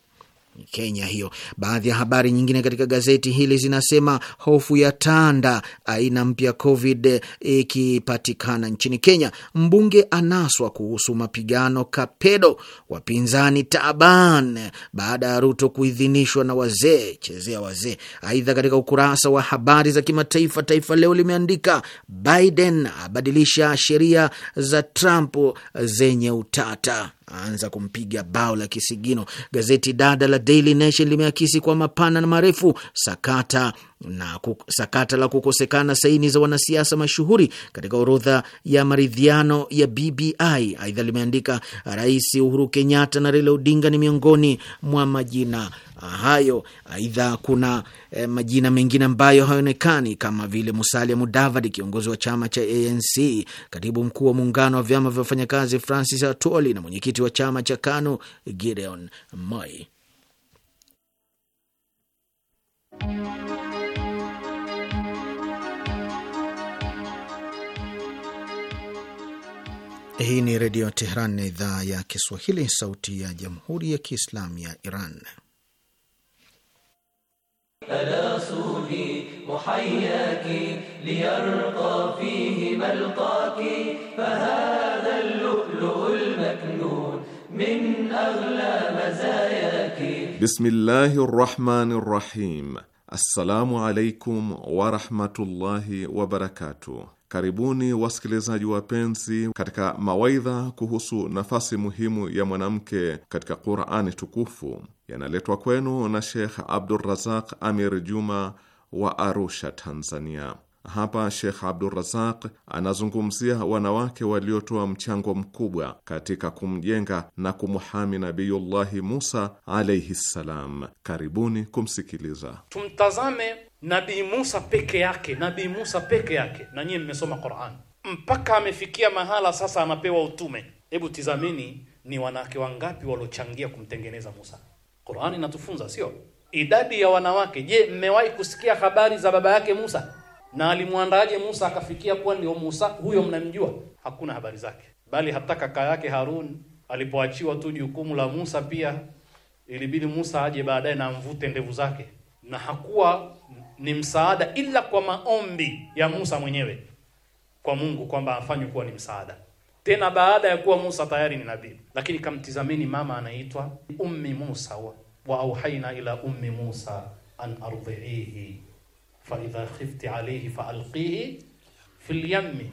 Kenya hiyo. Baadhi ya habari nyingine katika gazeti hili zinasema hofu ya tanda, aina mpya COVID ikipatikana nchini Kenya. Mbunge anaswa kuhusu mapigano Kapedo. Wapinzani taban baada ya Ruto kuidhinishwa na wazee, chezea wazee. Aidha, katika ukurasa wa habari za kimataifa, Taifa Leo limeandika Biden abadilisha sheria za Trump zenye utata anza kumpiga bao la kisigino. Gazeti dada la Daily Nation limeakisi kwa mapana na marefu sakata na sakata la kukosekana saini za wanasiasa mashuhuri katika orodha ya maridhiano ya BBI. Aidha limeandika Rais Uhuru Kenyatta na Raila Odinga ni miongoni mwa majina hayo. Aidha, kuna eh, majina mengine ambayo hayaonekani kama vile Musalia Mudavadi, kiongozi wa chama cha ANC, katibu mkuu wa muungano wa vyama vya wafanyakazi Francis Atwoli na mwenyekiti wa chama cha KANU Gideon Moi. Hii ni Redio teheran na idhaa ya Kiswahili, sauti ya Jamhuri ya Kiislamu ya Iran. ألا صولي محياك ليرقى فيه ملقاك فهذا اللؤلؤ المكنون من أغلى مزاياك بسم الله الرحمن الرحيم السلام عليكم ورحمة الله وبركاته Karibuni wasikilizaji wapenzi, katika mawaidha kuhusu nafasi muhimu ya mwanamke katika Qurani Tukufu, yanaletwa kwenu na Shekh abdurrazaq Amir Juma wa Arusha, Tanzania. Hapa Shekh Abdurazaq anazungumzia wanawake waliotoa mchango mkubwa katika kumjenga na kumuhami Nabiyullahi Musa alaihi ssalam. Karibuni kumsikiliza, tumtazame Nabii Musa peke yake, Nabii Musa peke yake, na nyie mmesoma Qur'an, mpaka amefikia mahala sasa anapewa utume. Hebu tizamini ni wanawake wangapi walochangia kumtengeneza Musa. qurani inatufunza sio idadi ya wanawake. Je, mmewahi kusikia habari za baba yake Musa na alimwandaje Musa akafikia kuwa ndio Musa huyo mnamjua? Hakuna habari zake, bali hata kaka yake Harun alipoachiwa tu jukumu la Musa, pia ilibidi Musa aje baadaye na mvute ndevu zake, na hakuwa ni msaada ila kwa maombi ya Musa mwenyewe kwa Mungu kwamba afanywe kuwa ni msaada tena baada ya kuwa Musa tayari ni nabii, lakini kamtizameni mama anaitwa Ummi Musa, wa auhaina ila ummi Musa an ardhiihi fa idha khifti alayhi fa alqihi fil yammi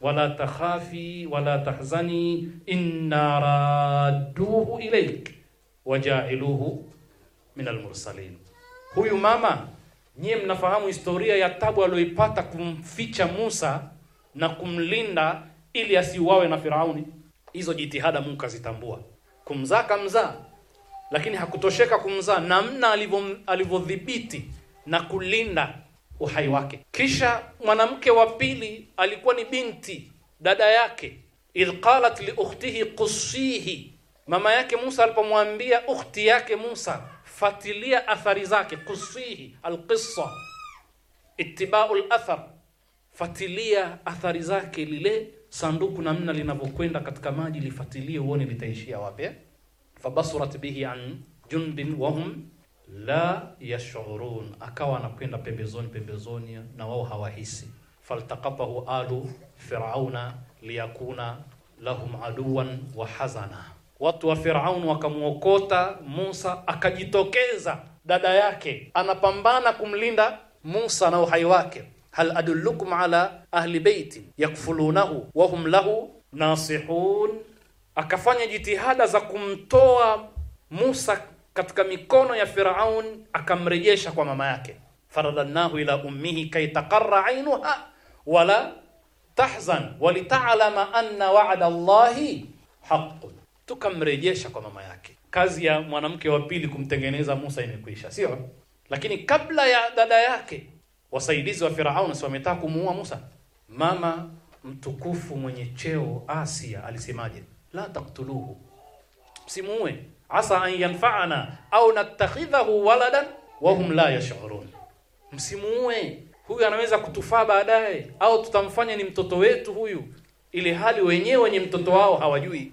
wala takhafi wala tahzani inna radduhu ilayk wajailuhu min almursalin. Huyu mama Nyie mnafahamu historia ya tabu aliyoipata kumficha Musa na kumlinda ili asiuawe na Firauni. Hizo jitihada Mungu kazitambua. Kumzaa kamzaa, lakini hakutosheka kumzaa, namna alivyodhibiti na kulinda uhai wake. Kisha mwanamke wa pili alikuwa ni binti dada yake, idh qalat li ukhtihi qussihi, mama yake Musa alipomwambia ukhti yake Musa fatilia athari zake kusihi alqissa ittiba'u lathar fatilia athari zake lile sanduku namna linavyokwenda katika maji lifatilie uone litaishia wapi eh? fabasurat bihi an jundin wahum la yash'urun akawa anakwenda pembezoni pembezoni na wao hawahisi faltaqatahu alu fir'auna liyakuna lahum aduwan wa hazana Watu wa firaun wakamwokota Musa, akajitokeza dada yake anapambana kumlinda Musa na uhai wake. hal adullukum ala ahli baiti yakfulunahu wa hum lahu nasihun, akafanya jitihada za kumtoa Musa katika mikono ya Firaun, akamrejesha kwa mama yake. faradannahu ila ummihi kay taqarra ainuha wala tahzan walitalama anna wa'da Allahi haqqun tukamrejesha kwa mama yake. Kazi ya mwanamke wa pili kumtengeneza Musa imekwisha, sio? Lakini kabla ya dada yake, wasaidizi wa Firauni si wametaka kumuua Musa? Mama mtukufu mwenye cheo Asia alisemaje? La taktuluhu, msimuue, asa an yanfa'ana au natakhidhahu waladan wa hum la yash'urun, msimuue huyu anaweza kutufaa baadaye, au tutamfanya ni mtoto wetu huyu, ili hali wenyewe wenye mtoto wao hawajui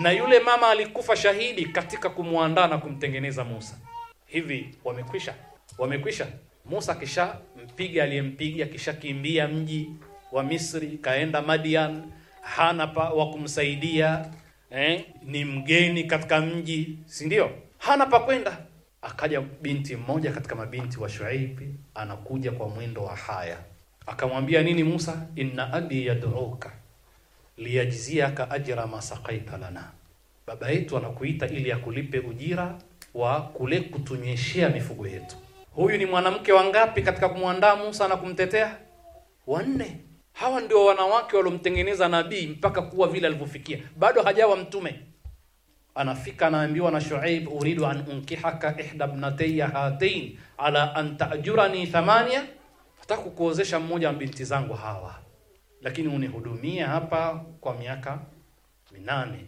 na yule mama alikufa shahidi katika kumwandaa na kumtengeneza Musa. Hivi wamekwisha, wamekwisha. Musa akishampiga aliyempiga, akishakimbia mji wa Misri, kaenda Madian, hana pa wa kumsaidia eh, ni mgeni katika mji, si ndio? Hana pa kwenda. Akaja binti mmoja katika mabinti wa Shuaibi, anakuja kwa mwendo wa haya, akamwambia nini Musa? inna abi yad'uka liyajziaka ajra ma saqaita lana, baba yetu anakuita ili akulipe ujira wa kule kutunyeshea mifugo yetu. Huyu ni mwanamke wangapi katika kumwandaa Musa na kumtetea? Wanne. Hawa ndio wanawake waliomtengeneza nabii mpaka kuwa vile alivyofikia, bado hajawa mtume. Anafika anaambiwa na Shuaib, uridu an unkihaka ihda bnateya hatain ala an ta'jurani thamania, nataka kukuozesha mmoja wa binti zangu hawa lakini unihudumia hapa kwa miaka minane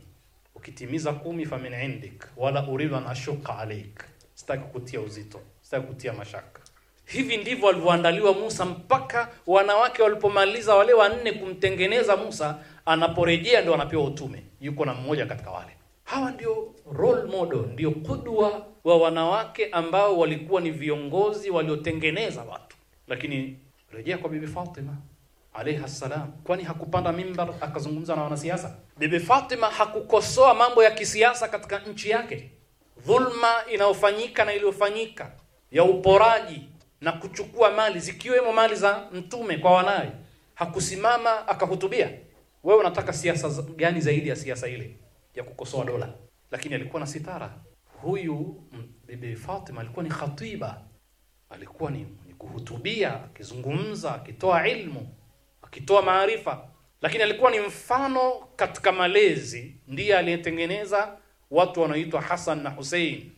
ukitimiza kumi famin indik wala uridu an ashuqa alaik, sitaki kutia uzito, sitaki kutia mashaka. Hivi ndivyo alivyoandaliwa Musa, mpaka wanawake walipomaliza wale wanne kumtengeneza Musa, anaporejea ndio anapewa utume, yuko na mmoja katika wale hawa. Ndio role model, ndio kudwa wa wanawake ambao walikuwa ni viongozi waliotengeneza watu. Lakini rejea kwa Bibi Fatima alayhi salam, kwani hakupanda mimbar akazungumza na wanasiasa? Bibi Fatima hakukosoa mambo ya kisiasa katika nchi yake, dhulma inayofanyika na iliyofanyika ya uporaji na kuchukua mali zikiwemo mali za mtume kwa wanawe, hakusimama akahutubia? Wewe unataka siasa gani zaidi ya siasa ile ya kukosoa dola? Lakini alikuwa na sitara huyu Bibi Fatima, alikuwa ni khatiba, alikuwa ni, ni kuhutubia, akizungumza, akitoa ilmu akitoa maarifa, lakini alikuwa ni mfano katika malezi. Ndiye aliyetengeneza watu wanaoitwa Hasan na Hussein,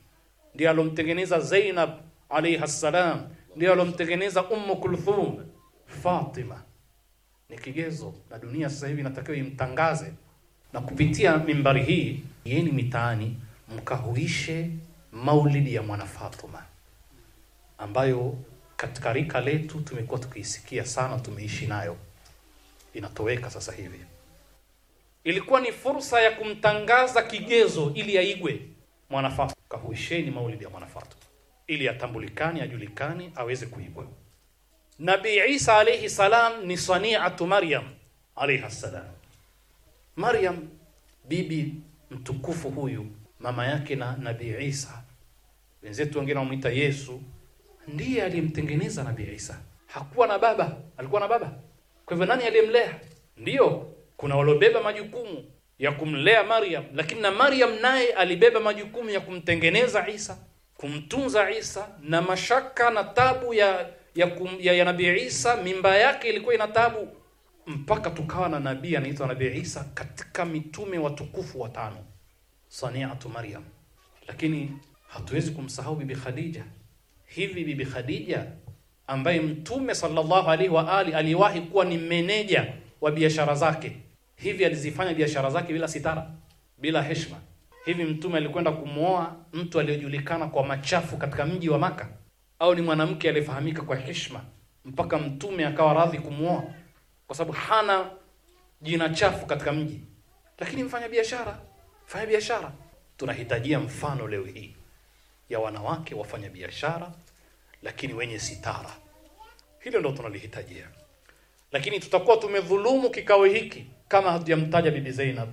ndiye alomtengeneza Zainab alayha salam, ndiye alomtengeneza Ummu Kulthum. Fatima ni kigezo, na dunia sasa hivi inatakiwa imtangaze na kupitia mimbari hii. Yeni mitaani mkahuishe maulidi ya mwana Fatuma ambayo katika rika letu tumekuwa tukiisikia sana, tumeishi nayo inatoweka sasa hivi. Ilikuwa ni fursa ya kumtangaza kigezo ili aigwe Mwanafatu Kahuisheni maulidi ya mwanafatu ili atambulikane, ajulikane, aweze kuigwa. Nabii Isa alayhi salam ni sani'atu Maryam alayha salam. Maryam bibi mtukufu huyu mama yake na Nabii Isa, wenzetu wengine wamwita Yesu, ndiye alimtengeneza Nabii Isa. Hakuwa na baba, alikuwa na baba kwa hivyo nani aliyemlea? Ndiyo, kuna waliobeba majukumu ya kumlea Maryam, lakini na Maryam naye alibeba majukumu ya kumtengeneza Isa, kumtunza Isa na mashaka na tabu ya ya, kum, ya, ya Nabii Isa. Mimba yake ilikuwa ina tabu mpaka tukawa na nabii anaitwa Nabii Isa katika mitume watukufu watano, saniatu Maryam. Lakini hatuwezi kumsahau Bibi Khadija. Hivi Bibi Khadija ambaye Mtume sallallahu alaihi wa ali aliwahi kuwa ni meneja wa biashara zake, hivi alizifanya biashara zake bila sitara, bila heshima. Hivi Mtume alikwenda kumwoa mtu aliyojulikana kwa machafu katika mji wa Maka, au ni mwanamke aliyefahamika kwa heshima mpaka Mtume akawa radhi kumwoa, kwa sababu hana jina chafu katika mji, lakini mfanya biashara, mfanya biashara. Tunahitajia mfano leo hii ya wanawake wafanya biashara lakini wenye sitara. Hilo ndio tunalihitajia. Lakini tutakuwa tumedhulumu kikao hiki kama hatujamtaja Bibi Zainab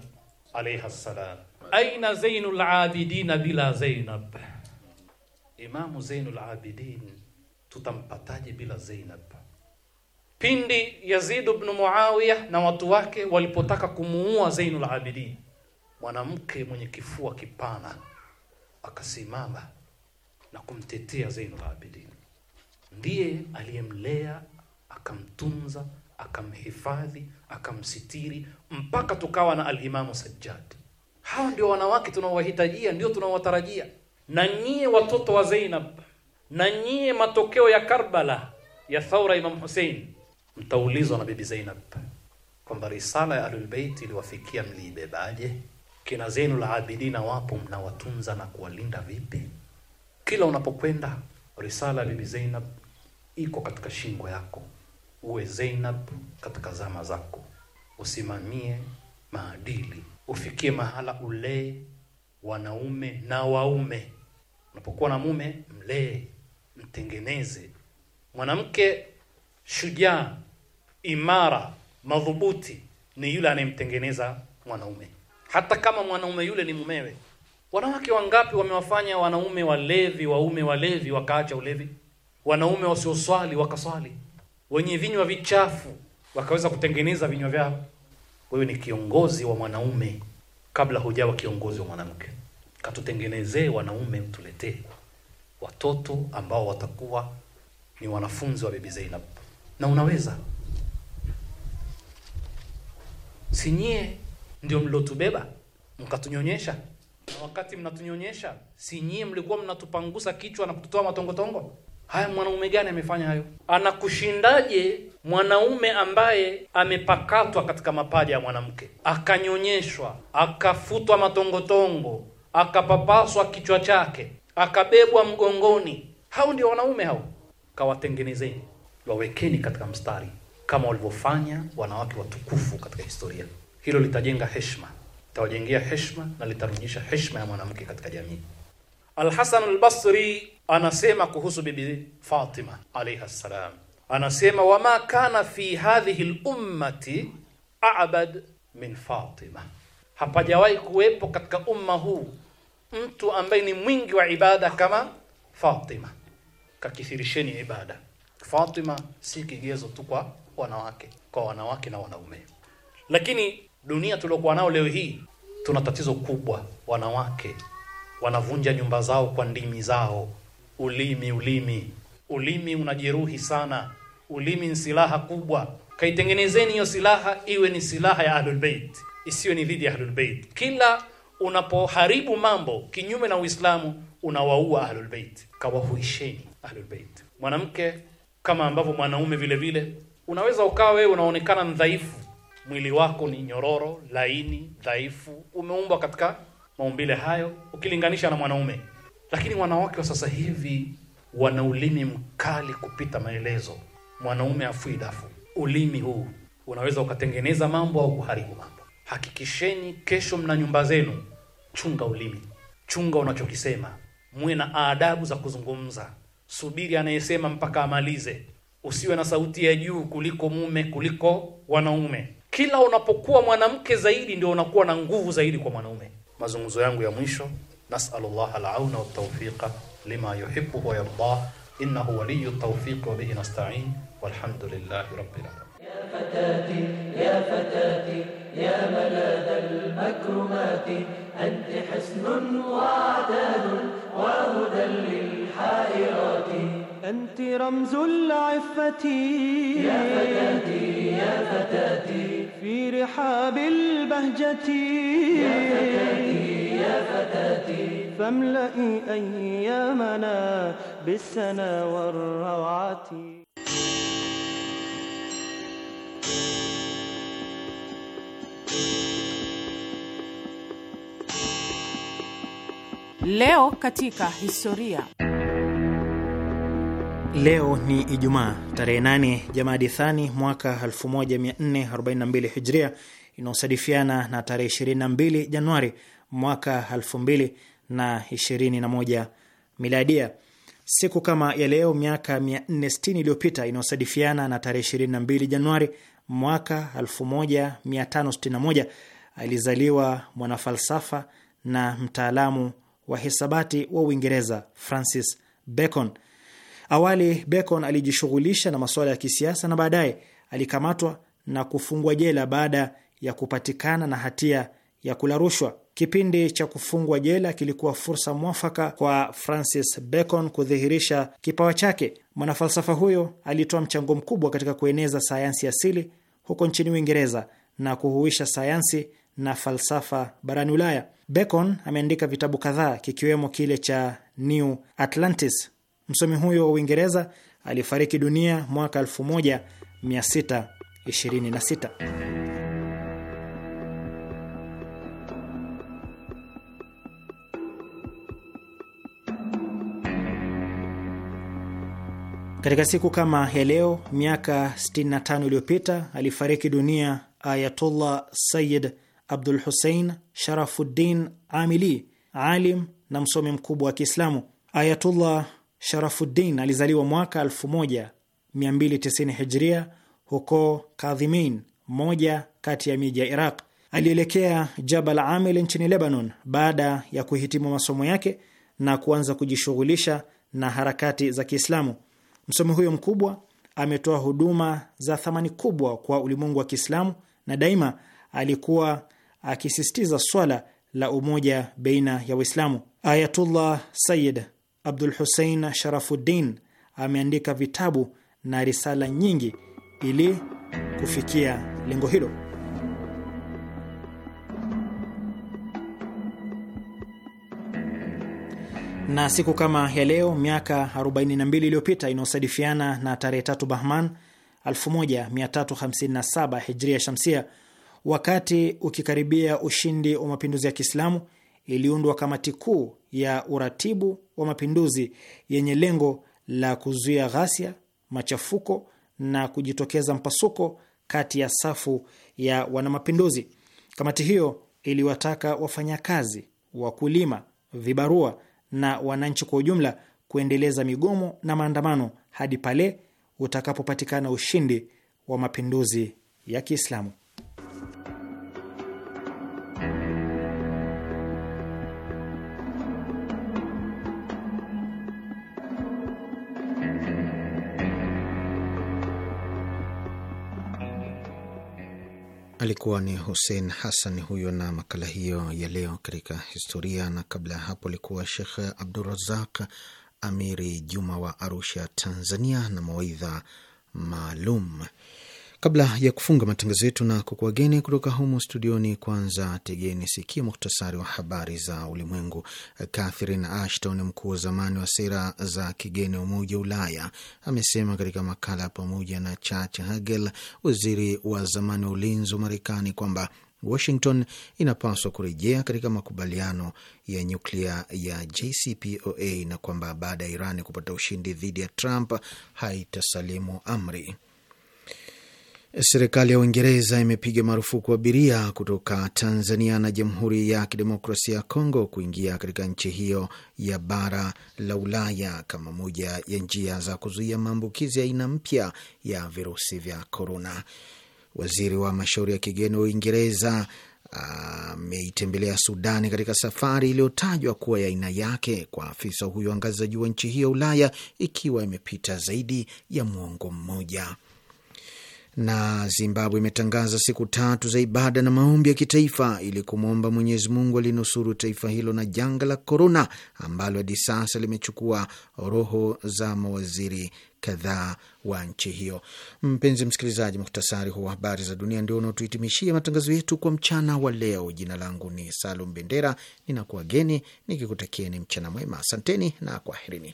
alayha salam. Aina Zainul Abidin bila Zainab? Imamu Zainul Abidin tutampataje bila Zainab? Pindi Yazid ibn Muawiya na watu wake walipotaka kumuua Zainul Abidin, mwanamke mwenye kifua kipana akasimama na kumtetea Zainul Abidin ndiye aliyemlea akamtunza akamhifadhi akamsitiri mpaka tukawa na alimamu Sajjad. Hawa ndio wanawake tunaowahitajia, ndio tunaowatarajia. Na nyie watoto wa zeinab na nyie matokeo ya Karbala ya thaura Imam husein mtaulizwa na bibi zeinab kwamba risala ya Ahlulbeit iliwafikia, mliibebaje? Kina zenu la Abidina wapo, mnawatunza na kuwalinda vipi? Kila unapokwenda risala ya bibi zeinab iko katika shingo yako. Uwe Zainab katika zama zako, usimamie maadili, ufikie mahala ulee wanaume na waume. Unapokuwa na mume, mlee, mtengeneze. Mwanamke shujaa, imara, madhubuti ni yule anayemtengeneza mwanaume, hata kama mwanaume yule ni mumewe. Wanawake wangapi wamewafanya wanaume walevi, waume walevi, wakaacha ulevi? wanaume wasioswali wakaswali, wenye vinywa vichafu wakaweza kutengeneza vinywa vyao. Wewe ni kiongozi wa mwanaume kabla hujawa kiongozi wa mwanamke. Katutengenezee wanaume, mtuletee watoto ambao watakuwa ni wanafunzi wa Bibi Zainab, na unaweza sinyie ndio mlotubeba mkatunyonyesha, na wakati mnatunyonyesha sinyie mlikuwa mnatupangusa kichwa na kututoa matongotongo? Haya, mwanaume gani amefanya hayo? Anakushindaje mwanaume ambaye amepakatwa katika mapaja ya mwanamke, akanyonyeshwa, akafutwa matongotongo, akapapaswa kichwa chake, akabebwa mgongoni? Hao ndio wanaume hao. Kawatengenezeni, wawekeni katika mstari kama walivyofanya wanawake watukufu katika historia. Hilo litajenga heshima, litawajengea heshima na litarudisha heshima ya mwanamke katika jamii. Al-Hasan al-Basri anasema kuhusu bibi Fatima alayha salam, anasema wama kana fi hadhihi al-ummati a'bad min Fatima, hapajawahi kuwepo katika umma huu mtu ambaye ni mwingi wa ibada kama Fatima. Kakithirisheni ibada. Fatima si kigezo tu kwa wanawake, kwa wanawake na wanaume, lakini dunia tuliokuwa nao leo hii tuna tatizo kubwa wanawake wanavunja nyumba zao kwa ndimi zao. Ulimi, ulimi, ulimi unajeruhi sana. Ulimi ni silaha kubwa. Kaitengenezeni hiyo silaha iwe ni silaha ya Ahlul Bait, ni dhidi ya Ahlul Bait. Kila unapoharibu mambo kinyume na Uislamu unawaua Ahlul Bait. Kawahuisheni Ahlul Bait. Mwanamke kama ambavyo mwanaume vile vile unaweza ukawa wewe unaonekana mdhaifu, mwili wako ni nyororo, laini, dhaifu, umeumbwa katika maumbile hayo ukilinganisha na mwanaume. Lakini wanawake wa sasa hivi wana ulimi mkali kupita maelezo. Mwanaume afui dafu. Ulimi huu unaweza ukatengeneza mambo au kuharibu mambo. Hakikisheni kesho mna nyumba zenu, chunga ulimi, chunga unachokisema, muwe na adabu za kuzungumza. Subiri anayesema mpaka amalize. Usiwe na sauti ya juu kuliko mume, kuliko wanaume. Kila unapokuwa mwanamke zaidi, ndio unakuwa na nguvu zaidi kwa mwanaume. mazungumzo yangu ya mwisho nasalullah alauna waltawfiqa lima yuhibbu wa yardah innahu waliyu tawfiq wa bihi nasta'in walhamdulillahi rabbil alamin فتاتي يا فتاتي يا ملاذ المكرمات أنت حسن وعداد وهدى للحائرات أنت رمز العفة يا فتاتي يا فتاتي في رحاب البهجة يا فتاتي يا فتاتي فاملئي أيامنا بالسنا والروعة Leo katika historia. Leo ni Ijumaa tarehe 8 Jamadi Thani mwaka 1442 Hijria, inaosadifiana na tarehe 22 Januari mwaka 2021 Miladia. Siku kama ya leo miaka 460 iliyopita, inaosadifiana na tarehe 22 Januari mwaka 1561, alizaliwa mwanafalsafa na mtaalamu wa hisabati wa Uingereza Francis Bacon. Awali Bacon alijishughulisha na masuala ya kisiasa na baadaye alikamatwa na kufungwa jela baada ya kupatikana na hatia ya kula rushwa. Kipindi cha kufungwa jela kilikuwa fursa mwafaka kwa Francis Bacon kudhihirisha kipawa chake. Mwanafalsafa huyo alitoa mchango mkubwa katika kueneza sayansi asili huko nchini Uingereza na kuhuisha sayansi na falsafa barani Ulaya. Bacon ameandika vitabu kadhaa kikiwemo kile cha New Atlantis Msomi huyo wa Uingereza alifariki dunia mwaka 1626. Katika siku kama ya leo miaka 65 iliyopita alifariki dunia Ayatullah sayid Abdul Hussein Sharafuddin Amili, alim na msomi mkubwa wa Kiislamu. Ayatullah Sharafuddin alizaliwa mwaka 1290 Hijria huko Kadhimin, moja kati ya miji ya Iraq. Alielekea Jabal Amil nchini Lebanon baada ya kuhitimu masomo yake na kuanza kujishughulisha na harakati za Kiislamu. Msomi huyo mkubwa ametoa huduma za thamani kubwa kwa ulimwengu wa Kiislamu na daima alikuwa akisisitiza swala la umoja baina ya Waislamu. Ayatullah Sayyid Abdul Hussein Sharafuddin ameandika vitabu na risala nyingi ili kufikia lengo hilo. Na siku kama ya leo miaka 42 iliyopita inayosadifiana na tarehe tatu Bahman 1357 Hijria Shamsia, wakati ukikaribia ushindi wa mapinduzi ya Kiislamu, iliundwa kamati kuu ya uratibu wa mapinduzi yenye lengo la kuzuia ghasia, machafuko na kujitokeza mpasuko kati ya safu ya wanamapinduzi. Kamati hiyo iliwataka wafanyakazi, wakulima, vibarua na wananchi kwa ujumla kuendeleza migomo na maandamano hadi pale utakapopatikana ushindi wa mapinduzi ya Kiislamu. Alikuwa ni Hussein Hassan huyo na makala hiyo ya leo katika historia. Na kabla ya hapo alikuwa Shekh Abdurazak Amiri Juma wa Arusha, Tanzania, na mawaidha maalum. Kabla ya kufunga matangazo yetu na kukuwageni kutoka humo studioni, kwanza tegeni sikia muhtasari wa habari za ulimwengu. Catherine Ashton, mkuu wa zamani wa sera za kigeni wa Umoja wa Ulaya, amesema katika makala pamoja na chach Hagel, waziri wa zamani wa ulinzi wa Marekani, kwamba Washington inapaswa kurejea katika makubaliano ya nyuklia ya JCPOA na kwamba baada ya Irani kupata ushindi dhidi ya Trump haitasalimu amri. Serikali ya Uingereza imepiga marufuku abiria kutoka Tanzania na Jamhuri ya Kidemokrasia ya Kongo kuingia katika nchi hiyo ya bara la Ulaya kama moja ya njia za kuzuia maambukizi ya aina mpya ya virusi vya korona. Waziri wa mashauri ya kigeni wa Uingereza ameitembelea uh, Sudani katika safari iliyotajwa kuwa ya aina yake kwa afisa huyo wa ngazi za juu wa nchi hiyo Ulaya, ikiwa imepita zaidi ya mwongo mmoja. Na Zimbabwe imetangaza siku tatu za ibada na maombi ya kitaifa ili kumwomba Mwenyezi Mungu alinusuru taifa hilo na janga la korona ambalo hadi sasa limechukua roho za mawaziri kadhaa wa nchi hiyo. Mpenzi msikilizaji, muhtasari huu wa habari za dunia ndio unaotuhitimishia matangazo yetu kwa mchana wa leo. Jina langu ni Salum Bendera, ninakuwageni nikikutakieni mchana mwema. Asanteni na kwaherini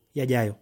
yajayo.